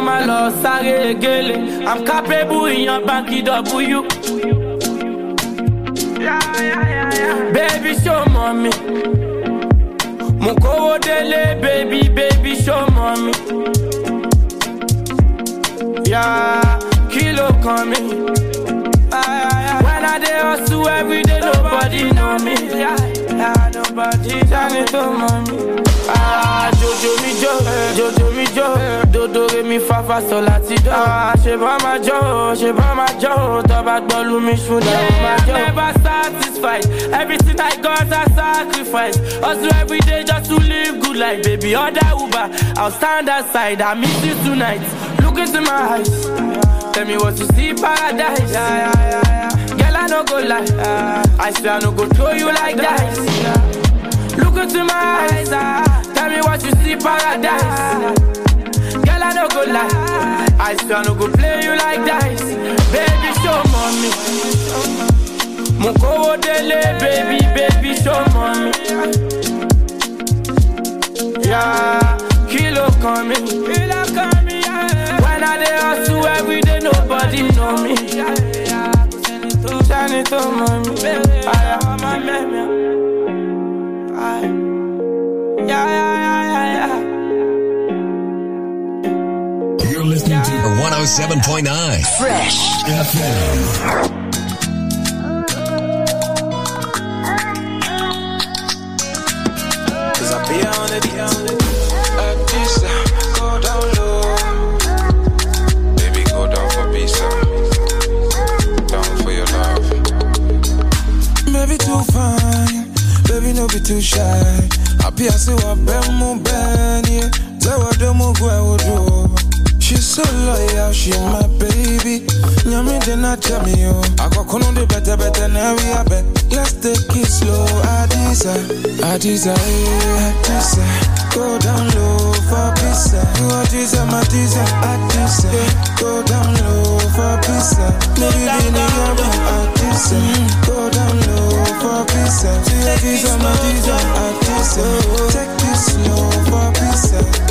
mo lọ sáré gele i'm capable ìyan báńkì w. baby show mommy, mi mo kówó délé baby baby show mommy, mi. Yeah, kí ló kan mi? When I dey hustle every day nobody know me. Yeah, yeah, nobody tell me to mommy. Ah, Jojo mi jo, Jojo mi jo Dodo re mi fa fa sol ati do ah, ṣe bá ma jó, ṣe bá ma jó Tó bá gbọ́ lu mi ṣu náà ma jó. I'm never satisfied Everything I got I sacrifice Hustle every day just to live good life Baby, order Uber, I'll stand aside I miss you tonight, look into my eyes Tell me what you see, paradise yeah, yeah, yeah, yeah. Girl, I no go lie I swear I no go throw you like dice Look into my eyes, uh, Tell me what you see, paradise. Girl, I no go lie. I swear I no go play you like dice. Baby, show mommy. Mukowo dele, baby, baby, show mommy. Yeah, kilo coming. Kilo coming. When I dey hustle every day, nobody know me. Send it to mommy. Send it to mommy. Yeah, yeah, yeah, You're listening to 107.9 Fresh FM. Cause I be on it, be on it. Uh. girl, she my baby. Nyami dena chami yo. Ako kono de better better na we abe. Let's take it slow. Adisa, Adisa, Adisa. Go down low for pizza. You Adisa, my Adisa, Adisa. Go down low for pizza. Maybe they need a Adisa. Go down low for pizza. You Adisa, my Adisa, Adisa. Take it slow for pizza.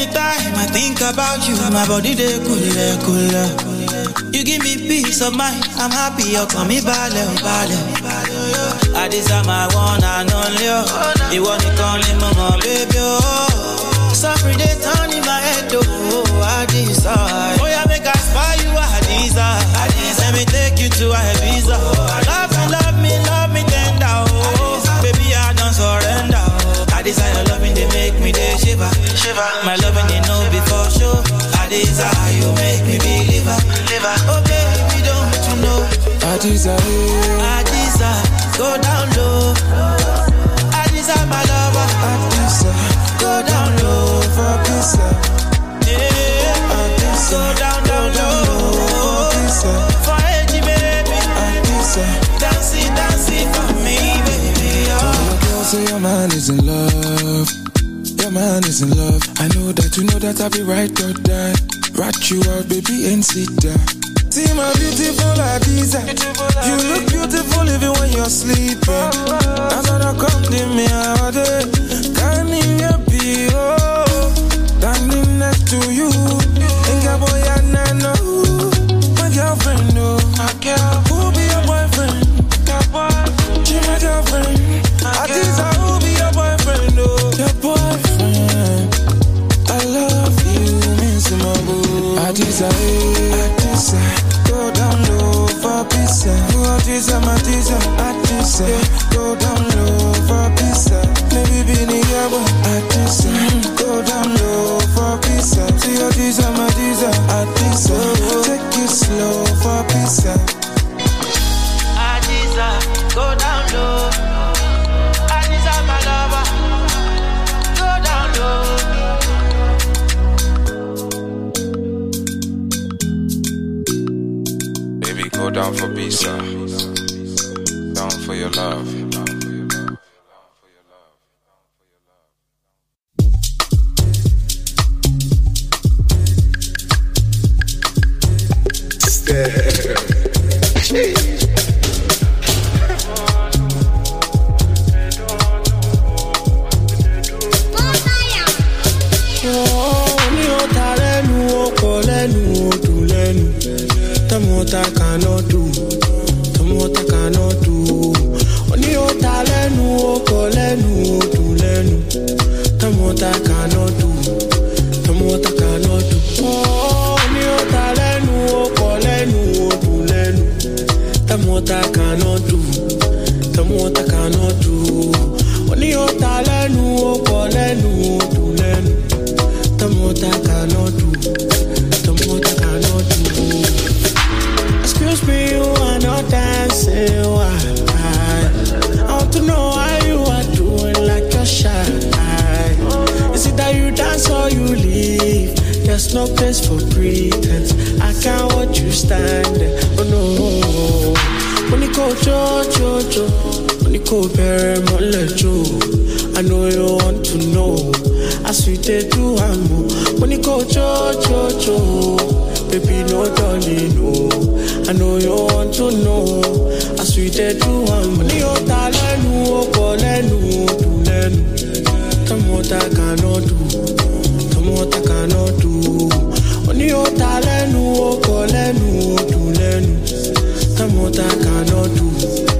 Every time I think about you, my body they cool, cool. You give me peace of mind, I'm happy you call me Balé, Balé. I desire my one and only. You want me calling my baby. Oh. man is in love. I know that you know that I'll be right or die. Rat you out, baby, and sit down. See my beautiful Ibiza. You look beautiful even when you're sleeping. That's I compliment me all day. desire, I desire. Go down low for peace. Oh, desire, my desire, I desire. Go down low for peace. Maybe be near, I desire. down for B-side. Down for your love. what I cannot do. Don't what I cannot do. Excuse me, you are not dancing. Why? I want to know why you are doing like you're shy. Is it that you dance or you leave? There's no place for pretense. I can't watch you standing. Oh no. Only go, jo, jo, jo. Money cold pair, money Joe. I know you want to know. I sweet it and am. Money cold cho cho cho. Baby no dolly no. I know you want to know. I sweet it and am. Money o ta lenu o ko lenu o tu Come what I cannot do. Come what I cannot do. Money o ta lenu o ko lenu o tu lenu. Come what I cannot do.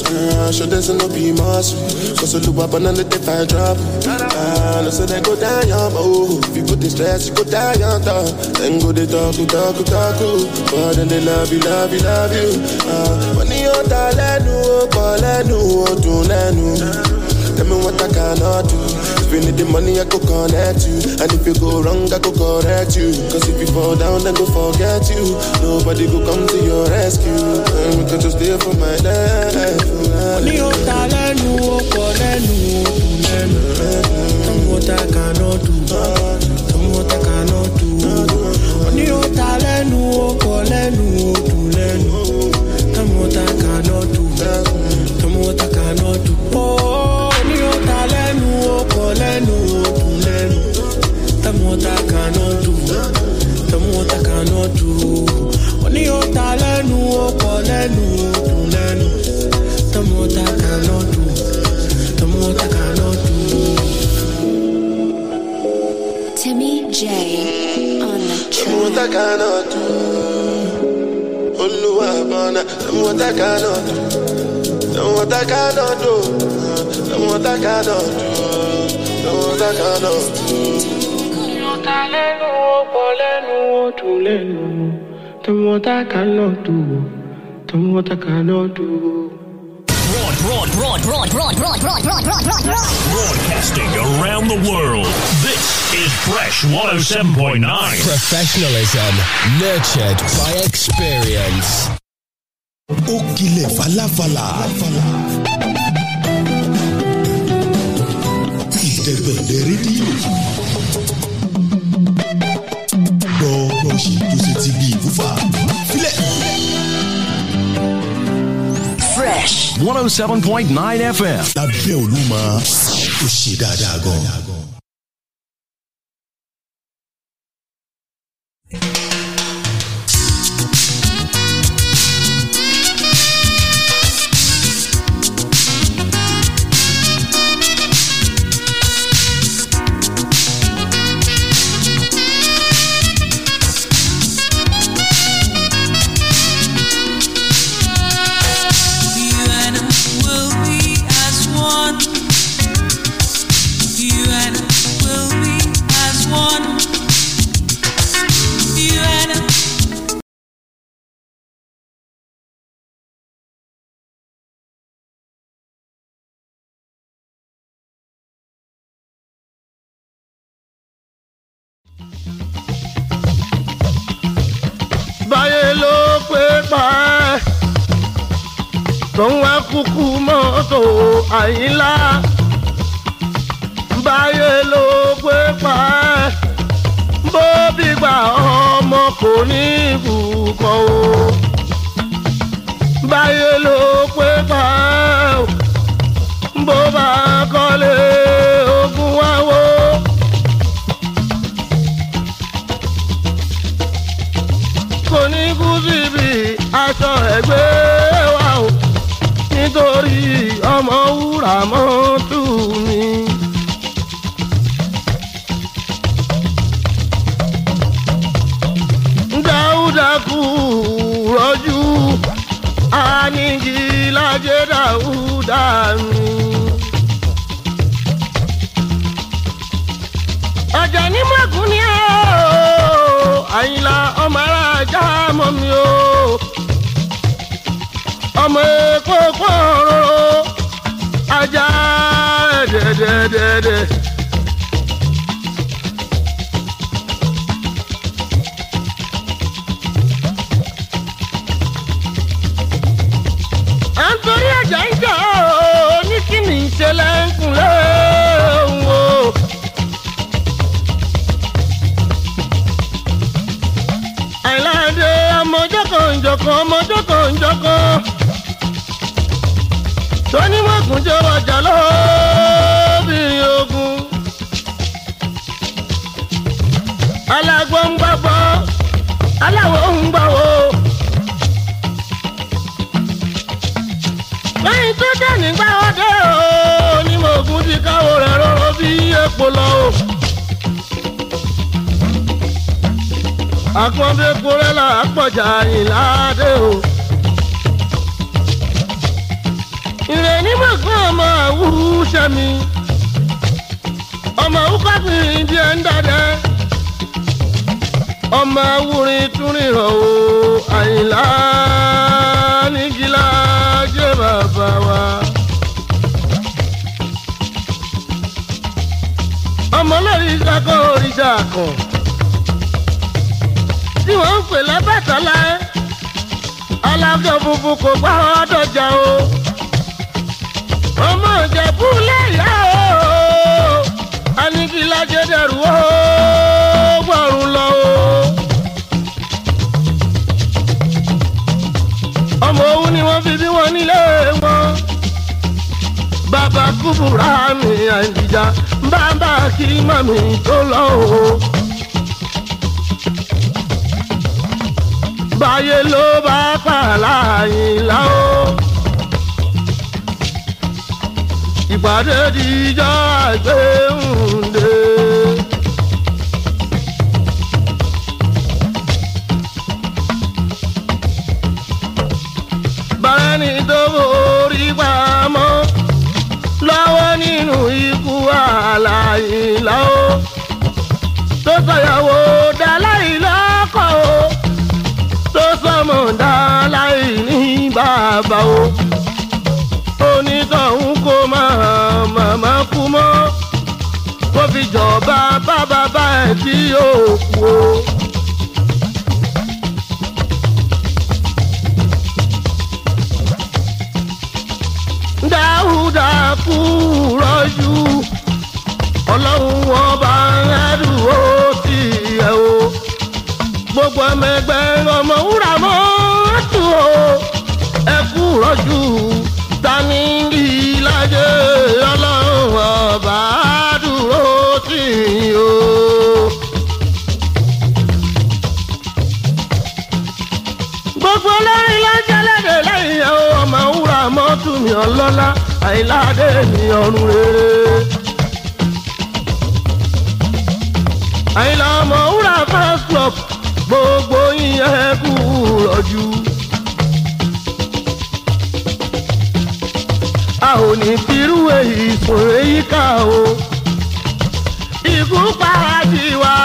Ah, show this no be mass. Cause I look up and the dip I drop. Ah, no so they go down, but oh, if you put the stress, you go down, though. Then go they talk, talk, talk, oh. but then they love you, love you, love you. Money ah, on you are no call, kọ́ lẹ́nu ó dùn lẹ́nu. Tell me what I cannot do. If you need the money, I go connect you. And if you go wrong, I go correct you. Cause if you fall down, then go forget you. Nobody go come to your rescue. And we can just stay for my life. Money on talent, no, for them, no, to what I cannot do. Tell me what I cannot do. Broad, broad, broad, broad, broad, broad, broad, broad, broad, broad, Broadcasting around the world. This is Fresh 107.9. Professionalism nurtured by experience. Ó kilẹ̀ falafala. Ìdẹ̀gbẹ̀dẹ̀ rédíò. lọ́ọ̀ṣì tó ṣe ti bí ìfúfà filẹ̀. Fresh 107.9 FM. lábẹ́ Olúmọ ó ṣe dáadáa gan-an. ṣùgbọ́n wá kúkú mọ́tò àyínlá báyé ló gbé pa ẹ́ bó bí gbà ọmọ kò ní ìbùkọ́ o báyé ló gbé pa ẹ́ bó bá kọ́lé ogún wá wó. kò ní kú síbi aṣọ ẹgbẹ́ ọmọ wúrà mọ́tò mi. dáúdà kù rọ́jú anìjì lájẹ́ dáúdà mi. dẹ́dẹ́dẹ́. à ń torí ẹ̀jẹ̀ ń jà ó ní kí ni ìṣẹ̀lẹ̀ ń kúnlẹ̀ òun àìláde ọmọjọ́ kan jọ̀kan ọmọjọ́ kan jọ̀kan tó ní mọ̀gùn ọjà lọ́wọ́. funfun ń gbọ́ fọ́ aláwọ̀ ń gbọ́ o. lẹ́yìn tó dé nígbà ọdẹ o ni mo gún ti káwọ́ rẹ̀ rọrọ bí epo lọ o. àpọ̀nbí kúrẹ́ là á pọ̀jà ìlà dé o. ìrẹ̀lí mọ̀gán ọmọ àwùjọ mi ọmọ òkú àgbìn ìdí ń dáadáa ọmọ awúrin tún ríran o àyìnlá nígilá jẹ́ bàbá wa. ọmọ lórí ìṣàkó oríṣà kan tí wọ́n ń pè lábàtàlá alájọ funfun kò gbá ọdọjà o ọmọ ìjẹ̀bú lẹ́yà o anigilá jẹ́ o. fi bí wọn nílé wọn. bàbá kúbúrà mi àìjíjà bàbá kí màmí tó lọ o. báyé ló bá pààlà yìí lá o. ìpàdé dìjọ́ àgbéhùn dé. bàbá o onítọ̀hún kò máa màmá kú mọ́ kó fi jọba bá bàbá ẹ̀ tí yóò kú o. dáhùdà kú rọ́jú ọlọ́run ọba ẹ̀rù ó ti yẹ o gbogbo ọmọ ọmọ wúrà mọ́ tù o jù tani rí láyé ọlọ́run ọba dúró tì í o. gbogbo olórin ló ń jẹ́lẹ́dẹ̀ lẹ́yìn ẹ̀ ọmọ wúrà mọ́tò mi àìláde mi ọ̀run rere. àìlà ọmọ wúrà fans club gbogbo yín ẹ kú rọ̀jú. ò ní bírú èyí sòrè yíká o ikú para tiwa.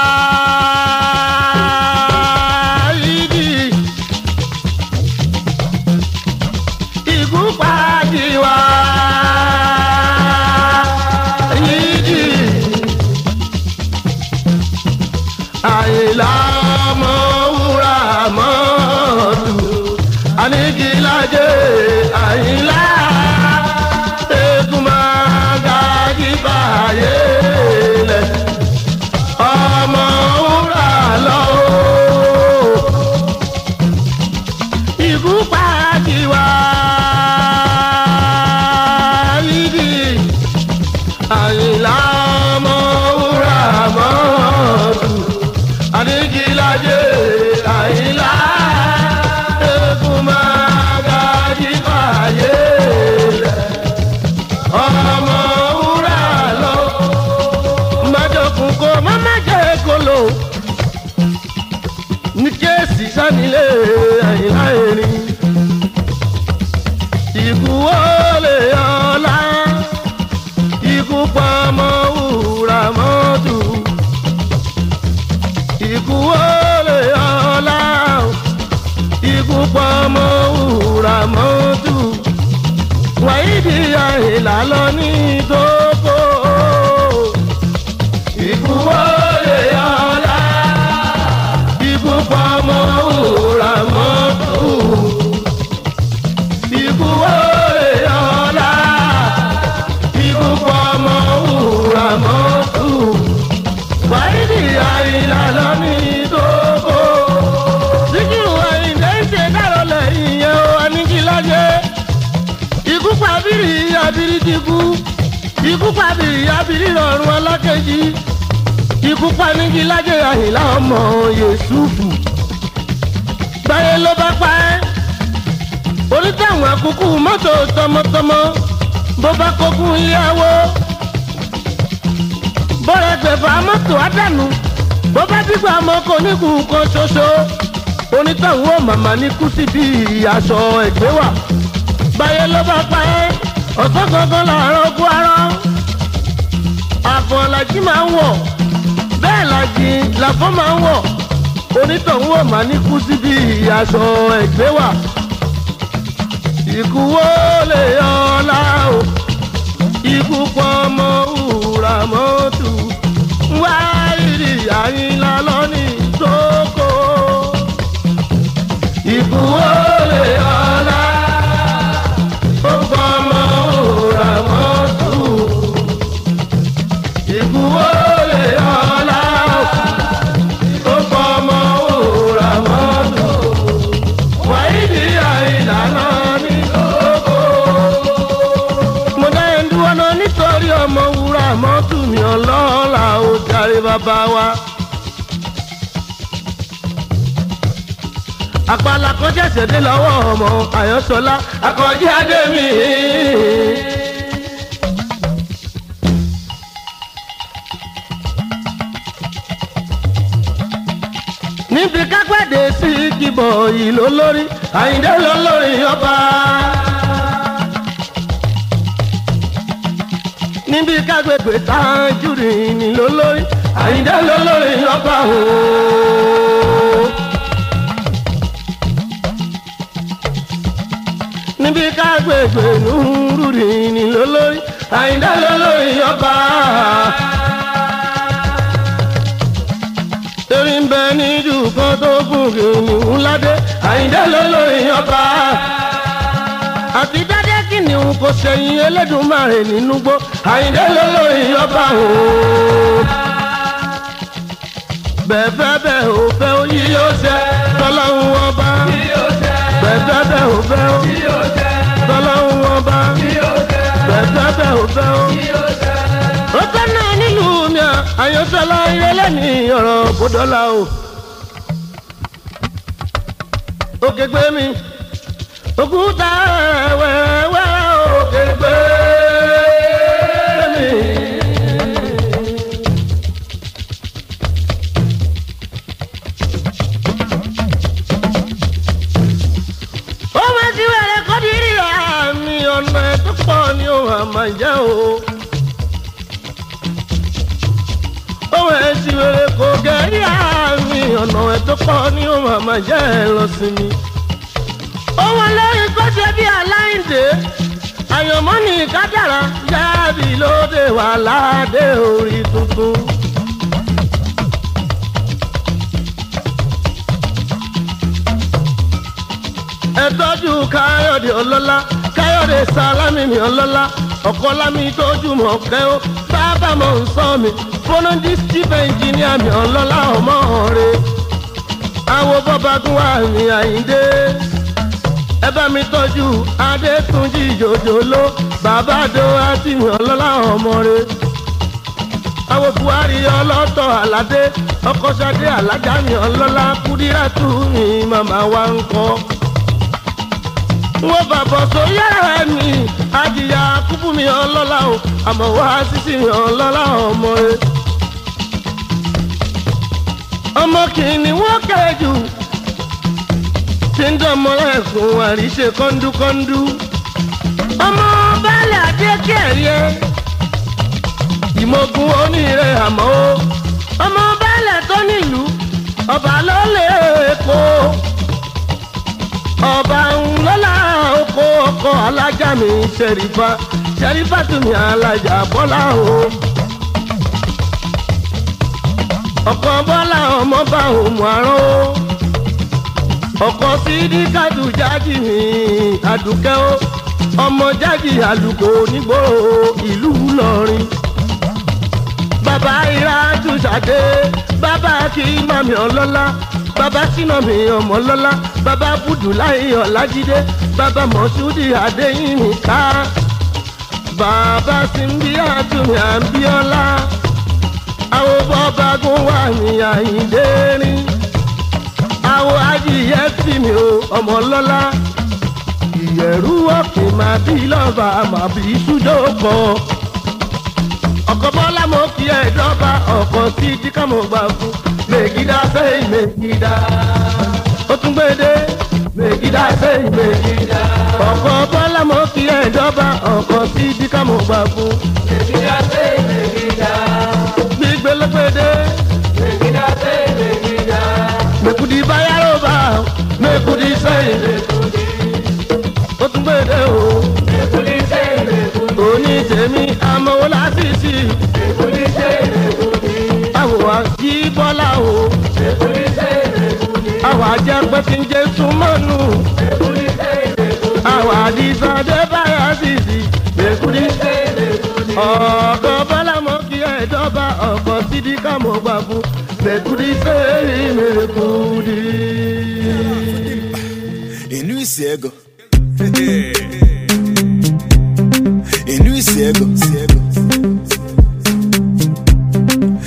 ikú pàbí abiri ọ̀run ọlọ́kẹ́jì ikú panigi lájẹ àyìnlá ọmọ Yẹ̀sùfù gbáyé ló bá pa ẹ́ orí táwọn àkókò mọ́tò tọmọtọmọ bó bá kókún yáwó bọ́rẹ̀ gbẹ̀fà mọ́tò àdánù bó bá dìgbà mọ́ kò ní kú kan ṣoṣo onítàwọn ò màmá ní kú síbi aṣọ ẹ̀gbẹ́ wà gbáyé ló bá pa ẹ́ ọ̀sán gangan làárọ̀ ogún arán àfọ̀ lajì máa ń wọ̀ bẹ́ẹ̀ lajì làfọ̀ máa ń wọ̀ onítọ̀hún ò máa ní kú síbi aṣọ ẹ̀gbẹ́ wà ikú wo lè yọ ọ́lá o ikú pọ̀ mọ́ òwúrà mọ́tò wá ìrì àyínlá lọ́nì tó ikú wo lè yọ ọ́lá. lárúbáwá. àpàlà kan ṣẹ̀ṣẹ̀ ọmọ Ayọsọla àkànjí adémi. níbi kápẹ́dé sí kíbọ̀ yìí ló lórí àyíndé ló lórí ọba. níbi kágbègbè tá a jùrìn ní àyíndé lólórí ọba o. níbi kágbègbè nùúrùrì ni lólórí àyíndé lólórí ọba. erí ń bẹ níjú kan tó gùn kìnìún ládé àyíndé lólórí ọba. àti dájẹ́ kìnìún kò ṣẹ̀yìn Elédùmarè nínú gbó àyíndé lólórí ọba o bẹ̀ẹ̀fẹ́ bẹ̀ ò fẹ́ ó yí yóò ṣẹ tọ́láhùn ọba bẹ̀ẹ̀fẹ́ bẹ̀ ò fẹ́ ó tọ́láhùn ọba bẹ̀ẹ̀fẹ́ bẹ̀ ò fẹ́ ó. ó fẹ́ náà nílùú mi àyànfẹ́lá ìrẹ́lẹ̀ ní ọ̀rọ̀ bòdọ́là o. ó kégbé mi òkúta wẹ́wẹ́ ó kégbé mi. pọ̀ ni ó hàn máa jẹ́ o. ohun ẹ̀ ti wèrè kò gẹ̀rí àmì ọ̀nà ẹ̀ tó pọ̀ ni ó hàn máa jẹ́ ẹ lọ sí mi. ohun olórin kó ṣe bí aláìndé àyànmọ́ ní kádàrá jáàbí lóde wà ládé orí tuntun. ẹ tọ́jú káyọ̀dé ọlọ́lá káyọ̀dé sálámì mi ọlọ́lá ọkọ lámì tójúmọ̀ kẹ́wọ́ bàbá mọ̀ ń sọ mi fọlọ́ndì chief engineer mi ọlọ́lá ọmọ rẹ̀ àwọn bọ́bagún wà ní àyíndé ẹ bá mi tọ́jú adétúnjì jòjòló bàbá do àti mi ọlọ́lá ọmọ rẹ̀ àwọn buhari ọlọ́tọ̀ aládé ọkọ̀ sadé alájà mi ọlọ́lá kúdíràtú mi màmá wa ń kọ́ mo bàbọ̀ sórí ara mi àjìyà kúkú mi ọlọ́lá o àmọ́ wá sísì mi ọlọ́lá ọmọ rẹ. E. ọmọ kìíní wọ́n kéré jù tí ń dánmọ́ ẹ̀sùn àríṣe kọ́ńdúkọ́ńdú. ọmọ baálé adé kẹ̀yẹ e. ìmọ̀gùn onírẹ̀ àmọ́ ọmọ baálé tó nílùú ọba ló lè ọba ńlọ́lá oko ọkọ alájà mi ṣẹ̀rífà ṣẹ̀rífà tùmí alájà bọ́lá o. ọkọ bọ́lá ọmọ bá òmù àrán o. ọkọ sídí kádù jágì mi àdùkẹ́ o. ọmọ jágì àlùkò nígboro ìlú Ìlọrin. bàbá ìrà tún ṣàdé bàbá kì í màmí ọlọ́lá. Baba Ṣínàmí Ọmọlọ́lá bàbá Abudulayi Ọlájídé bàbá Mọ̀ṣúdì Adéyínká bàbá Símbí Àtúnmí Àbíọ́lá awo bọ́bágún wà ní Àyìndé awo àwọn adìyẹ sí mi ò Ọmọlọ́lá ìyẹ̀rú òkè máa bí lọ́ba máa bí ṣúdọ̀kọ̀ ọkọ̀ bọ́lá mo kí ẹ̀ dọ́ba ọkọ̀ tí díkà mo gbà fún megida sey megida ó tún gbéde megida sey megida ọ̀pọ̀ bọ́lá mo kí ẹ̀ dọ́ba ọ̀pọ̀ sí ibi mo gbà fún. megida sey megida gbígbé ló gbéde megida sey megida mekudi báyà ló bá mekudi sey mekudi ó tún gbéde o. jẹ́ pé kí n jẹ́ súnmọ́nù. àwọn àdìsá dé báyà sísì. ọ̀dọ̀ bọ́lá mo kí ẹ̀ dọ́ba ọ̀pọ̀ sídi ká mo gbà fún. mẹ́kúrí sẹ́ẹ̀rì mẹ́kúrí. ìlú ìsì ẹ̀gọ́. ìlú ìsì ẹ̀gọ́.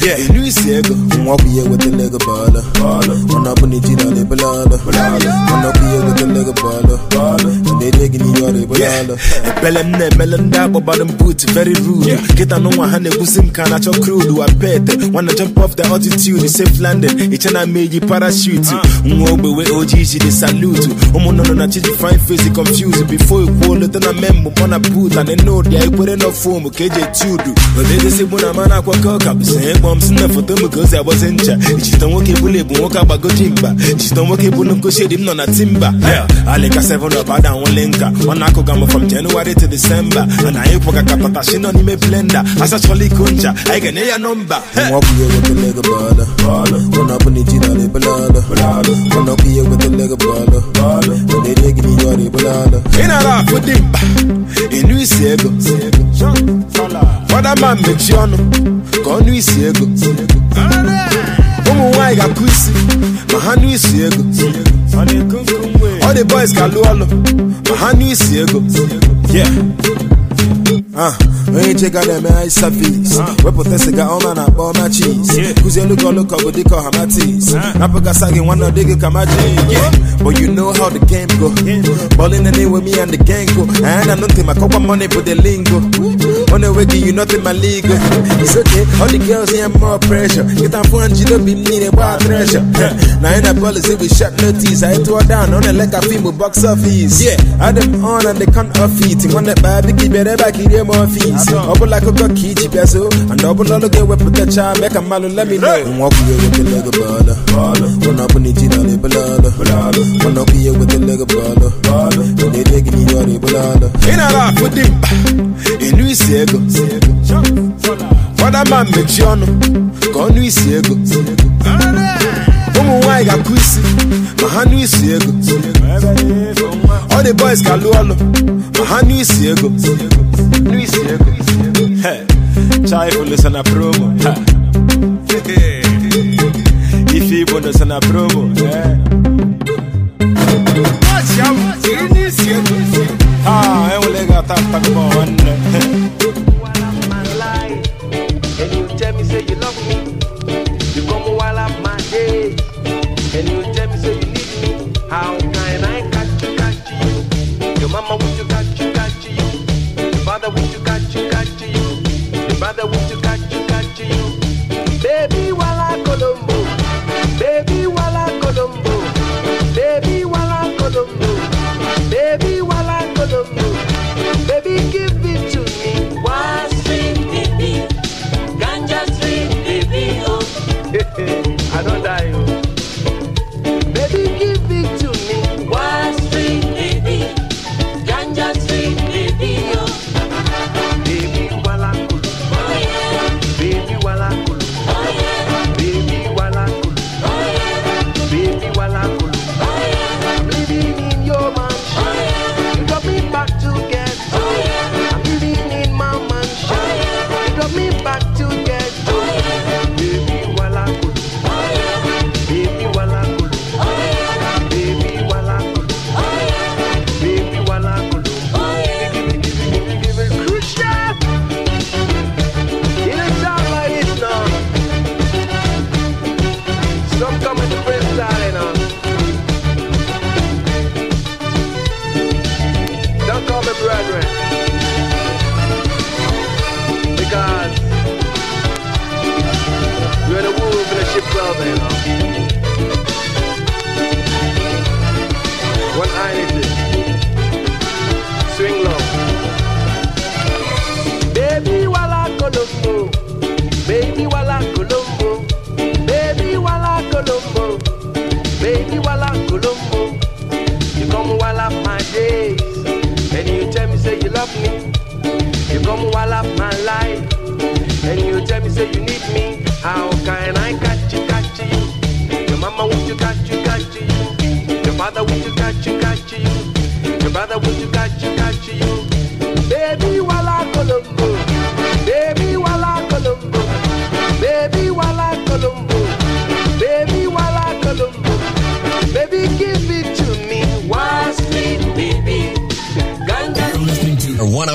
Yeah. Ìlú ìsì ẹ̀gọ́. Wọ́n kò yẹ wọ́n tẹ́lẹ̀ gọ́ bọ́ọ̀lù. Bọ́ọ̀lù. Belém ne melem da boba them boot very rude. Get on one hand busim can at your crew do a pet. Wanna jump off the altitude, safe landing. It's an I made you parachute. Ah. Ngobe we OG they salute. Omo no no na chichi fine face confused. Before you call it na memo on a boot and they know they are putting no form KJ two do. But they just say when I'm an aqua cock up, saying bombs in the photo because I was in chat. She don't work able to walk up a good timber. She don't work able to go shade him on a timber. Yeah, I like a seven up, I don't want link. One I could from January. January to December And I ain't a kapata She no nime blender Asa choli kuncha I can hear a number Hey Mwaku ye with the nigga bala Run up on the Gina de balala Run up here with the nigga brother. When they dig in the yard de In a with man mechi ono Konu kusi Mahanu all the boys galụ My honey is n'isi ego yeah Ah, when you check out them ice service, ah. we put the cigar on and up on my cheese. Cause you look all look up with the call hamatis. Napaga sagging one of the kamaji. Yeah, but you know how the game go. Balling the name with me and the gang go. And I don't think my cup money for the lingo. On the way, you nothing my legal. It's okay, all the girls here more pressure. Get on phone, you don't be needed by treasure. Now in the policy, we shut no tease. I tore down on the leg of box office. Yeah, I them on and they can't off it. When the baby keep it back here onye ma ọfis ọbụla akụkọ ka iji bịa zo and ọbụla ọlụ ga-ewepụtacha mee ka mmalụ lemina nwa ọkụ ya ewetele gị bọọlụ ụlọ ọbụla iji nọrọ ebele ọlụ ụlọ ọkụ ya ewetele gị bọọlụ onye rie gị n'ihe ọrụ ebele ọlụ ị na-ara afụ dị mkpa elu isi ego fọda ma mechie ọnụ ka ọnụ isi ego ụmụ nwaanyị ga-akụ isi ma ha nụ isi ego all the boys galualo, ma ha nu isi ego. Nu isi ego. Hey, chai ulu sana promo. If you bono sana promo. Ah, eu lega tá tá bom, né?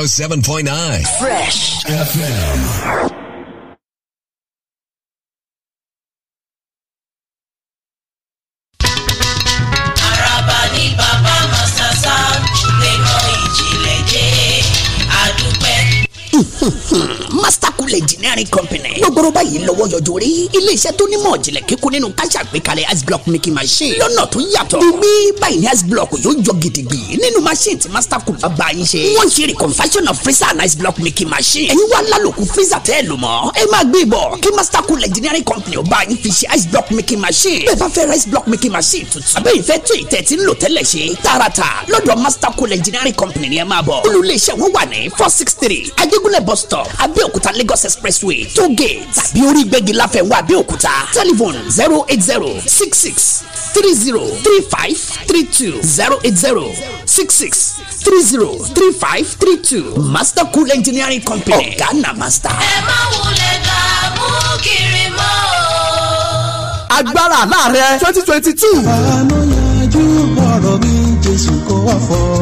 107.9 Fresh FM. Miracle Engineering Company. gbogbo báyìí lọ́wọ́ yọjú rí iléeṣẹ́ tó nímọ̀ ìjìnlẹ̀ kíkún nínú káṣà àgbékalẹ̀ ice block making machine lọ́nà tó yàtọ̀. gbígbé báyìí ní ice block yóò jọ gidigbi nínú machine tí master cool bá bá yín ṣe. wọ́n ṣe reconfection of freezer and ice block making machine. ẹ̀yin wá lálòkù freezer tẹ́ ẹ lò mọ́. ẹ máa gbé bọ̀ kí master cool engineering company ó bá yín fi ṣe ice block making machine. bẹ́ẹ̀ bá fẹ́ ra ice block making machine tuntun. àbẹ́ ìfẹ́ tó ìtẹ̀ tí ń lò tẹ́lẹ̀ ṣe tààràtà lọ́dọ̀ master cool engineering company ni ẹ máa bọ̀. olùléeṣẹ́ wọn wà ní four six three ajégúnlẹ̀ bus stop Abẹ́òkúta Lagos Expressway two gates tàbí orí gbẹ̀gìláfẹ́ wà abẹ́òkúta telephone zero eight zero six six three zero three five three two zero eight zero six six three zero three five three two master cool engineering company ọ̀gá master. ẹ má wulẹ̀ dààmú kiri mọ́ agbára láàrẹ twenty twenty two. àmọ́ yanjú ọ̀rọ̀ mi jésù kò wá fọ́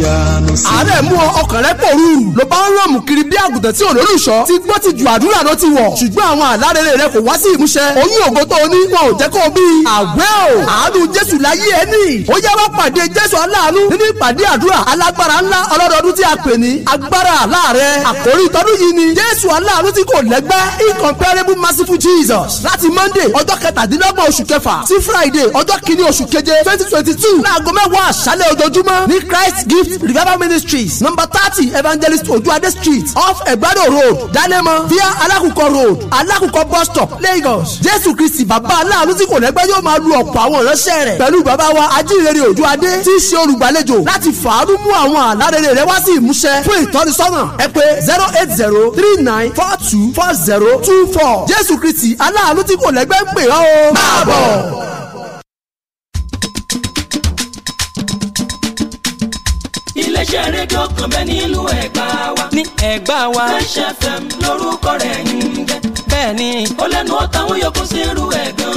ìyanu sí. àárẹ̀ mú ọkàn rẹ pòrú ló bá ń rọ̀mù kiri bí àgùntàn tí olólùṣọ́ ti gbọ́ ti ju àdúrà ló ti wọ̀ ṣùgbọ́n àwọn àlárere rẹ kò wá sí ìmúṣẹ oyún ògo tó o ní wọn ò jẹ́ kó o bí. àwẹ̀ o àánú jésù láyé ẹ nì ó yá wá pàdé jésù aláàánú nínú ìpàdé àdúrà alágbára ńlá ọlọ́dọọdún tí a pè ní agbára àláàrẹ àkórí tọdún yìí ni jésù aláàánú tí kò lẹ́gbẹ́ incomparable merciful jesus láti monday ọjọ́ kẹtàdínlọ́gbọ̀n oṣù kẹfà sí friday ọjọ́ kìíní oṣù keje twenty twenty two láago mẹ́wàá àṣálẹ́ ojoojúmọ́ ní christ gift shift revival ministries number thirty evangelist ojuade street off ẹgbẹ́dọ̀ road danemo via alakukọ road alakukọ bus stop lagos jésù kristi Baba, aláàánú tí kò lẹ́gbẹ́ yóò máa lu ọ̀pọ̀ àwọn ìránṣẹ́ rẹ̀ pẹ̀lú bàbá wa ajínrere ojuade tí í ṣe olùgbàlejò láti fàánú mú àwọn àlárere rẹ wá sí ìmúṣẹ fún ìtọ́nisọ́nà ẹ pé zero eight zero three nine four two four zero two four jésù kristi aláàánú tí kò lẹ́gbẹ́ ń pè ọ́ o. máa bọ̀. iléeṣẹ́ rédíò kan bẹ́ẹ̀ nílùú ẹ̀gbá wa. ní ẹ̀gbá wa. Fresh FM lórúkọ rẹ̀ ń jẹ́. bẹ́ẹ̀ni. ó lẹ́nu ọ̀tá wọn yọkùn sí irú ẹ̀ gan.